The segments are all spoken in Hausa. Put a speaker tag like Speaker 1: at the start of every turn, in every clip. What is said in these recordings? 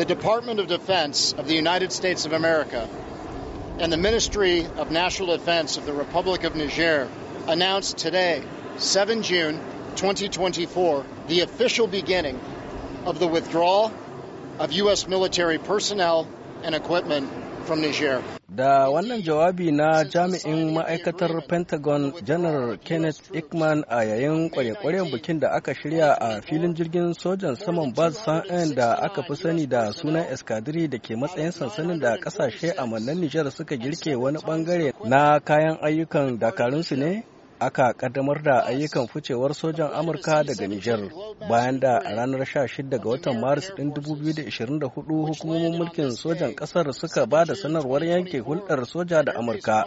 Speaker 1: the Department of Defense of the United States of America and the Ministry of National Defense of the Republic of Niger announced today, 7 June 2024, the official beginning of the withdrawal of U.S. military personnel and equipment from Niger. Da wannan jawabi
Speaker 2: na jami'in ma'aikatar Pentagon Janar Kenneth Ickman a yayin kware-kwaren bikin da aka shirya a filin jirgin sojan saman Baz San'an da aka fi sani da sunan eskadiri da ke matsayin sansanin da kasashe a mannan Nijar suka girke wani bangare na kayan ayyukan dakarunsu ne aka kaddamar da ayyukan ficewar sojan amurka daga Niger bayan da a ranar 16 ga watan maris ɗin 2024 hukumomin mulkin sojan ƙasar suka ba da sanarwar yanke hulɗar soja da amurka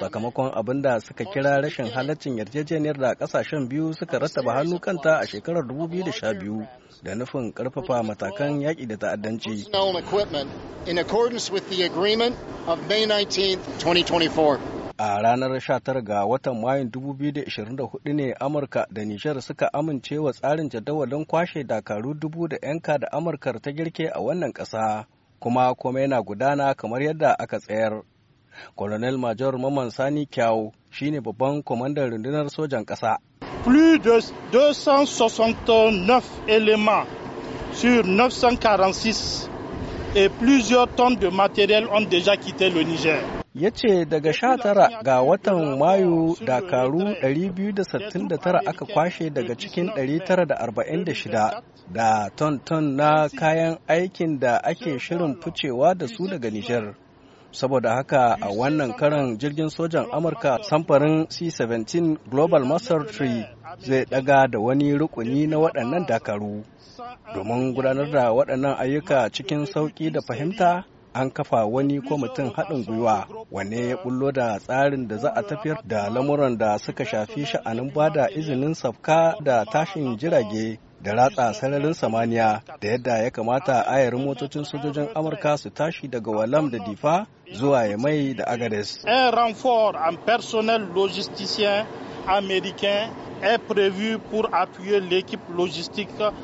Speaker 2: sakamakon abin da suka kira rashin halaccin yarjejeniyar da ƙasashen biyu suka rattaba hannu kanta a shekarar 2012 da nufin ƙarfafa matakan yaƙi da
Speaker 1: ta'addanci in accordance with the agreement of May 19, 2024.
Speaker 2: A ranar 19 ga watan Mayun 2024 ne Amurka da Nijar suka amince wa tsarin jadawalin kwashe dakaru dubu da yanka da Amurkar ta girke a wannan ƙasa, kuma kuma yana gudana kamar yadda aka tsayar. Kolonel Major Maman Sani Kyau shine babban kwamandan rundunar sojan ƙasa. Plus
Speaker 3: de 269 et plusieurs tonnes de matériel ont déjà quitté Niger. ya ce
Speaker 2: daga sha tara ga watan mayu dakaru 269 aka kwashe daga cikin 946 da ton-ton na kayan aikin da ake shirin ficewa da su daga nijar saboda haka a wannan karan jirgin sojan amurka samfarin c-17 global master 3 zai daga da wani rukuni na waɗannan dakaru domin gudanar da waɗannan ayyuka cikin sauƙi da fahimta an kafa wani kwamitin haɗin gwiwa wanne ya bullo da tsarin da za a tafiyar da lamuran da suka shafi sha'anin bada izinin safka da tashin jirage da ratsa sararin samaniya da yadda ya kamata ayar motocin sojojin amurka su tashi daga walam da difa zuwa ya mai da agades.
Speaker 3: an personal logistician est prévu pour appuyer l'équipe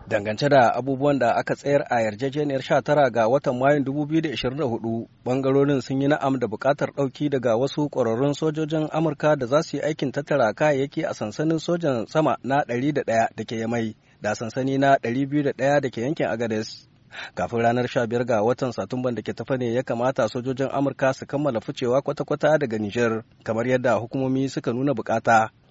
Speaker 2: Dangance da abubuwan da aka tsayar a yarjejeniyar 19 ga watan Mayun 2024, bangarorin sun yi na'am da bukatar ɗauki daga wasu ƙwararrun sojojin Amurka da za su yi aikin tattara kayayyaki a sansanin sojan sama na 101 da ke Yamai da sansani na 201 da ke yankin Agades. kafin ranar 15 ga watan satumban da ke tafa ne ya kamata sojojin amurka su kammala ficewa kwata-kwata daga nijar kamar yadda hukumomi suka nuna bukata